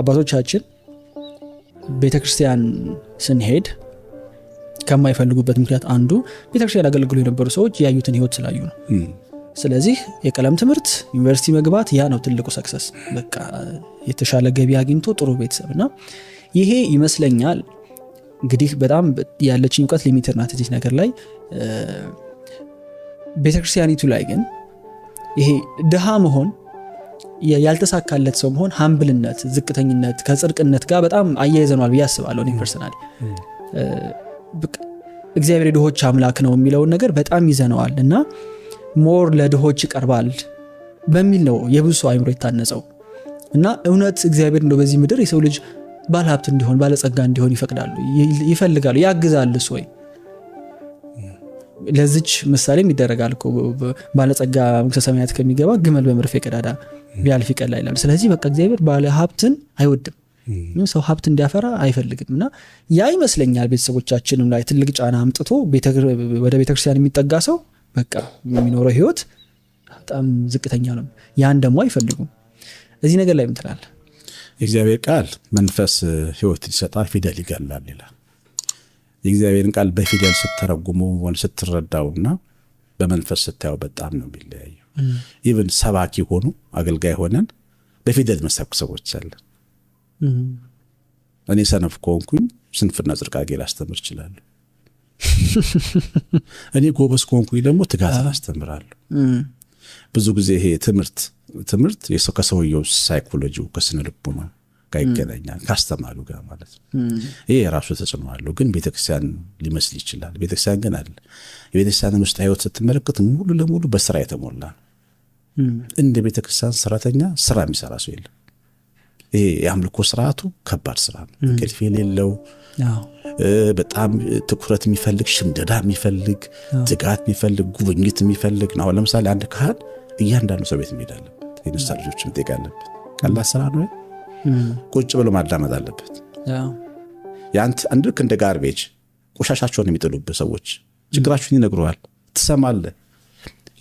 አባቶቻችን ቤተ ክርስቲያን ስንሄድ ከማይፈልጉበት ምክንያት አንዱ ቤተ ክርስቲያን የነበሩ ሰዎች ያዩትን ህይወት ስላዩ ነው። ስለዚህ የቀለም ትምህርት ዩኒቨርሲቲ መግባት ያ ነው ትልቁ ሰክሰስ። በቃ የተሻለ ገቢ አግኝቶ ጥሩ ቤተሰብ እና ይሄ ይመስለኛል እንግዲህ በጣም ያለችኝ እውቀት ሊሚትር ናት እዚህ ነገር ላይ። ቤተክርስቲያኒቱ ላይ ግን ይሄ ድሃ መሆን ያልተሳካለት ሰው መሆን ሀምብልነት፣ ዝቅተኝነት ከጽድቅነት ጋር በጣም አያይዘኗል ብዬ አስባለሁ። እኔ ፐርሰናል እግዚአብሔር የድሆች አምላክ ነው የሚለውን ነገር በጣም ይዘነዋል እና ሞር ለድሆች ይቀርባል በሚል ነው የብዙ ሰው አይምሮ የታነጸው እና እውነት እግዚአብሔር እንደው በዚህ ምድር የሰው ልጅ ባለሀብት እንዲሆን ባለጸጋ እንዲሆን ይፈቅዳሉ ይፈልጋሉ ያግዛል ወይ? ለዚች ምሳሌም ይደረጋል። ባለጸጋ መንግሥተ ሰማያት ከሚገባ ግመል በመርፌ ቀዳዳ ቢያልፍ ይቀላል ይላል። ስለዚህ በቃ እግዚአብሔር ባለ ሀብትን አይወድም፣ ሰው ሀብት እንዲያፈራ አይፈልግም። እና ያ ይመስለኛል ቤተሰቦቻችንም ላይ ትልቅ ጫና አምጥቶ ወደ ቤተክርስቲያን የሚጠጋ ሰው በቃ የሚኖረው ህይወት በጣም ዝቅተኛ ነው። ያን ደግሞ አይፈልጉም። እዚህ ነገር ላይ ምትላል የእግዚአብሔር ቃል መንፈስ ህይወት ይሰጣል፣ ፊደል ይገላል ይላል። የእግዚአብሔርን ቃል በፊደል ስትረጉሙ ወይም ስትረዳውና በመንፈስ ስታየው በጣም ነው የሚለያየው። ኢቨን ሰባኪ ሆኑ አገልጋይ ሆነን በፊደል መሰብክ ሰዎች አለን። እኔ ሰነፍ ከሆንኩኝ ስንፍና ጽድቃጌ ላስተምር እችላለሁ። እኔ ጎበስ ከሆንኩኝ ደግሞ ትጋት ላስተምራሉ ብዙ ጊዜ ይሄ ትምህርት ትምህርት ከሰውየው ሳይኮሎጂው ከስነ ልቡ ነው ጋር ይገናኛል፣ ካስተማሪው ጋር ማለት ነው። ይሄ የራሱ ተጽዕኖ አለው። ግን ቤተክርስቲያን ሊመስል ይችላል። ቤተክርስቲያን ግን አለ የቤተክርስቲያንን ውስጥ ህይወት ስትመለከት ሙሉ ለሙሉ በስራ የተሞላ እንደ ቤተክርስቲያን ሰራተኛ ስራ የሚሰራ ሰው የለም። ይሄ የአምልኮ ስርዓቱ ከባድ ስራ ነው። እንቅልፍ የሌለው በጣም ትኩረት የሚፈልግ ሽምደዳ የሚፈልግ ትጋት የሚፈልግ ጉብኝት የሚፈልግ ነው። ለምሳሌ አንድ ካህን እያንዳንዱ ሰው ቤት እንሄዳለን፣ የንስሐ ልጆችን እንጠይቃለን። ቀላ ስራ ነው። ቁጭ ብሎ ማዳመጥ አለበት። አንድ ልክ እንደ ጋርቤጅ ቆሻሻቸውን የሚጥሉብህ ሰዎች ችግራችሁን ይነግረዋል፣ ትሰማለ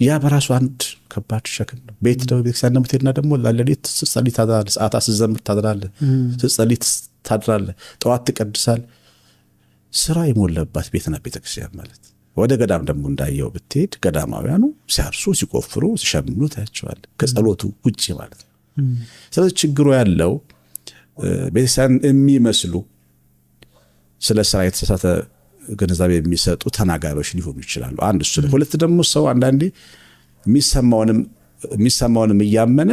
ያ በራሱ አንድ ከባድ ሸክም ነው። ቤት ደ ቤተክርስቲያን ደግሞ ትሄድና ደግሞ ለሌሊት ስትጸልይ ታድራለ ሰዓታት ስዘምር ታድራለ ስትጸልይ ታድራለ ጠዋት ትቀድሳል። ስራ የሞለባት ቤትና ቤተክርስቲያን ማለት ወደ ገዳም ደግሞ እንዳየው ብትሄድ ገዳማውያኑ ሲያርሱ፣ ሲቆፍሩ፣ ሲሸምኑ ታያቸዋል ከጸሎቱ ውጭ ማለት ነው። ስለዚህ ችግሩ ያለው ቤተክርስቲያን የሚመስሉ ስለ ስራ የተሳሳተ ግንዛቤ የሚሰጡ ተናጋሪዎች ሊሆኑ ይችላሉ። አንድ እሱ። ሁለት ደግሞ ሰው አንዳንዴ የሚሰማውንም እያመነ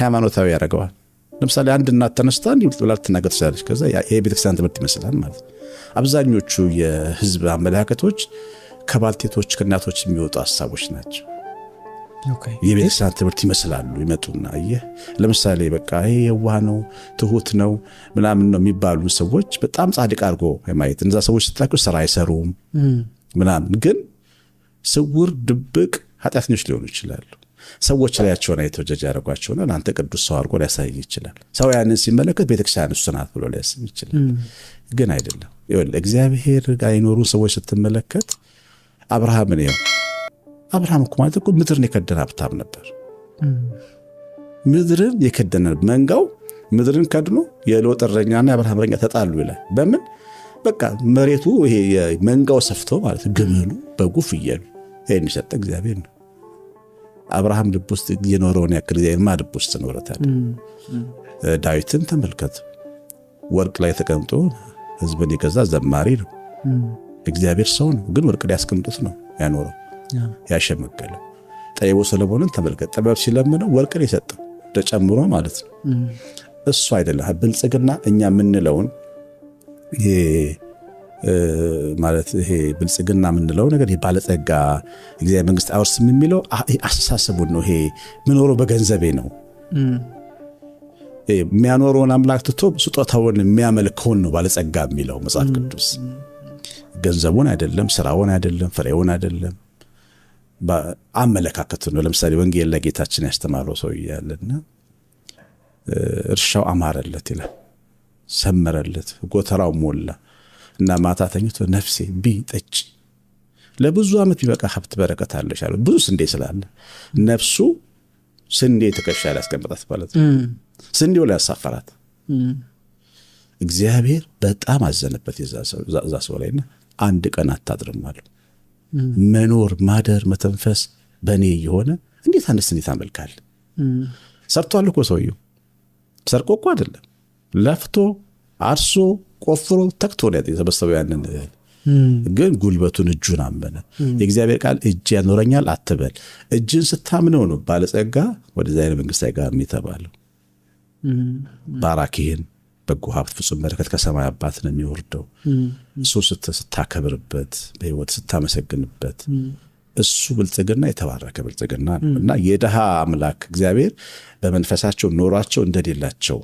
ሃይማኖታዊ ያደርገዋል። ለምሳሌ አንድ እናት ተነስታ እንዲ ብላ ልትናገር ትችላለች። ከዛ የቤተክርስቲያን ትምህርት ይመስላል ማለት ነው። አብዛኞቹ የህዝብ አመለካከቶች ከባልቴቶች ከእናቶች የሚወጡ ሀሳቦች ናቸው። የቤተክርስቲያን ትምህርት ይመስላሉ ይመጡና፣ የ ለምሳሌ በቃ ይሄ የዋህ ነው ትሁት ነው ምናምን ነው የሚባሉ ሰዎች በጣም ጻድቅ አድርጎ ማየት እነዛ ሰዎች ስትላቸው ስራ አይሰሩም ምናምን፣ ግን ስውር ድብቅ ኃጢአተኞች ሊሆኑ ይችላሉ። ሰዎች ላያቸውን አይተው ጀጅ ያደረጓቸውና አንተ ቅዱስ ሰው አድርጎ ሊያሳይ ይችላል። ሰው ያንን ሲመለከት ቤተክርስቲያን እሱ ናት ብሎ ሊያስብ ይችላል። ግን አይደለም። እግዚአብሔር የኖሩ ሰዎች ስትመለከት አብርሃምን ይኸው አብርሃም እኮ ማለት እኮ ምድርን የከደነ ሀብታም ነበር። ምድርን የከደነ መንጋው ምድርን ከድኖ የሎጥ እረኛና የአብርሃም እረኛ ተጣሉ ይላል። በምን በቃ መሬቱ ይሄ መንጋው ሰፍቶ ማለት ግመሉ፣ በጉ፣ ፍየሉ ይህን የሰጠ እግዚአብሔር ነው። አብርሃም ልብ ውስጥ የኖረውን ያክል ማ ልብ ውስጥ ኖረታል። ዳዊትን ተመልከት፣ ወርቅ ላይ ተቀምጦ ህዝብን የገዛ ዘማሪ ነው። እግዚአብሔር ሰው ነው፣ ግን ወርቅ ላይ ያስቀምጡት ነው ያኖረው ያሸመገለው። ጠቢቡ ሰለሞንን ተመልከት። ጥበብ ሲለምነው ወርቅን የሰጠው ተጨምሮ ማለት ነው። እሱ አይደለም ብልጽግና እኛ የምንለውን ማለት ይሄ ብልጽግና የምንለው ነገር ባለጸጋ ጊዜ መንግስት አውርስም የሚለው አስተሳሰቡን ነው። ይሄ ምኖረው በገንዘቤ ነው። የሚያኖረውን አምላክ ትቶ ስጦታውን የሚያመልከውን ነው ባለጸጋ የሚለው መጽሐፍ ቅዱስ። ገንዘቡን አይደለም፣ ስራውን አይደለም፣ ፍሬውን አይደለም አመለካከቱ ነው። ለምሳሌ ወንጌል ለጌታችን ጌታችን ያስተማረው ሰው እያለና እርሻው አማረለት ይላል፣ ሰመረለት፣ ጎተራው ሞላ እና ማታ ተኝቶ ነፍሴ ቢ ጠጭ ለብዙ ዓመት ቢበቃ ሀብት በረከት አለሽ አለ። ብዙ ስንዴ ስላለ ነፍሱ ስንዴ ትከሻ ላይ ያስቀምጣት ማለት ነው። ስንዴው ላይ ያሳፈራት እግዚአብሔር በጣም አዘነበት የዛ ሰው ላይ አንድ ቀን አታድርም አለው። መኖር፣ ማደር፣ መተንፈስ በእኔ የሆነ እንዴት አንድ እንዴት አመልካል ሰርቷል እኮ ሰውየው። ሰርቆ እኮ አይደለም ለፍቶ አርሶ ቆፍሮ ተክቶ ነው የተሰበሰበው ያንን ግን ጉልበቱን እጁን አመነ። የእግዚአብሔር ቃል እጅ ያኖረኛል አትበል። እጅን ስታምነው ነው ባለጸጋ ወደዚ አይነት መንግስት ጋር የሚተባለው። ባራኪህን በጎ ሀብት ፍጹም በረከት ከሰማይ አባት ነው የሚወርደው። እሱ ስታከብርበት፣ በህይወት ስታመሰግንበት እሱ ብልጽግና የተባረከ ብልጽግና ነው እና የድሃ አምላክ እግዚአብሔር በመንፈሳቸው ኖሯቸው እንደሌላቸው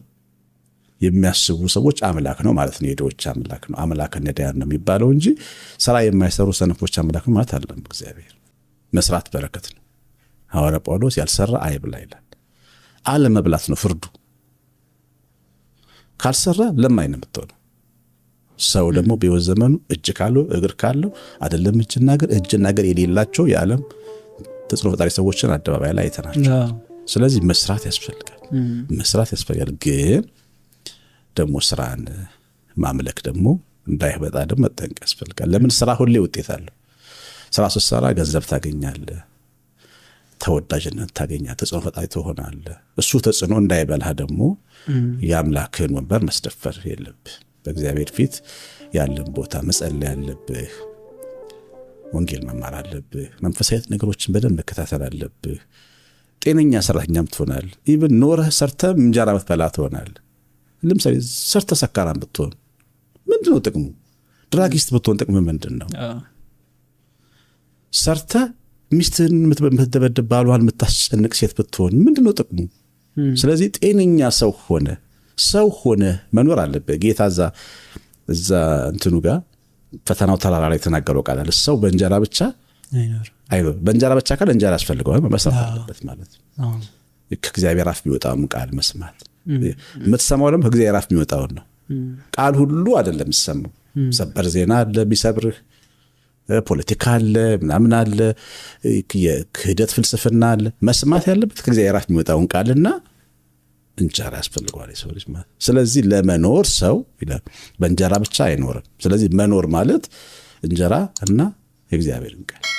የሚያስቡ ሰዎች አምላክ ነው ማለት ነው። የድሆች አምላክ ነው፣ አምላክ ነዳያን ነው የሚባለው እንጂ ስራ የማይሰሩ ሰነፎች አምላክ ማለት አለም። እግዚአብሔር መስራት በረከት ነው። ሐዋርያ ጳውሎስ ያልሰራ አይብላ ይላል። አለመብላት ነው ፍርዱ። ካልሰራ ለማኝ ነው የምትሆነው። ሰው ደግሞ በሕይወት ዘመኑ እጅ ካለው እግር ካለው አይደለም እጅና እግር እጅና እግር የሌላቸው የዓለም ተጽዕኖ ፈጣሪ ሰዎችን አደባባይ ላይ አይተናቸው። ስለዚህ መስራት ያስፈልጋል፣ መስራት ያስፈልጋል። ግን ደግሞ ስራን ማምለክ ደግሞ እንዳይበጣ ደግሞ መጠንቅ ያስፈልጋል። ለምን ስራ ሁሌ ውጤት አለው። ስራ ስትሰራ ገንዘብ ታገኛለህ። ተወዳጅነት ታገኛ ተጽዕኖ ፈጣሪ ትሆናለህ። እሱ ተጽዕኖ እንዳይበላህ ደግሞ የአምላክህን ወንበር መስደፈር የለብህ። በእግዚአብሔር ፊት ያለን ቦታ መጸለይ አለብህ። ወንጌል መማር አለብህ። መንፈሳዊት ነገሮችን በደንብ መከታተል አለብህ። ጤነኛ ሰራተኛም ትሆናል። ኢብን ኖረህ ሰርተ እንጀራ መትበላ ትሆናል። ለምሳሌ ሰርተ ሰካራ ብትሆን ምንድ ነው ጥቅሙ? ድራጊስት ብትሆን ጥቅም ምንድን ነው? ሰርተ ሚስትህን የምትደበድብ ባሏን የምታስጨንቅ ሴት ብትሆን ምንድነው ጥቅሙ? ስለዚህ ጤነኛ ሰው ሆነ ሰው ሆነ መኖር አለብህ። ጌታ እዛ እዛ እንትኑ ጋር ፈተናው ተራራ ላይ የተናገረው ቃላል ሰው በእንጀራ ብቻ አይኖርም። በእንጀራ ብቻ ካል እንጀራ ያስፈልገዋል መስራት አለበት ማለት ከእግዚአብሔር አፍ የሚወጣውም ቃል መስማት የምትሰማው ደግሞ ከእግዚአብሔር አፍ የሚወጣውን ነው። ቃል ሁሉ አደለም የምትሰማው ሰበር ዜና አለ የሚሰብርህ ፖለቲካ አለ፣ ምናምን አለ፣ የክህደት ፍልስፍና አለ። መስማት ያለበት ከእግዚአብሔር አፍ የሚወጣውን ቃልና እንጀራ ያስፈልገዋል የሰው ልጅ ስለዚህ ለመኖር ሰው በእንጀራ ብቻ አይኖርም። ስለዚህ መኖር ማለት እንጀራ እና የእግዚአብሔርን ቃል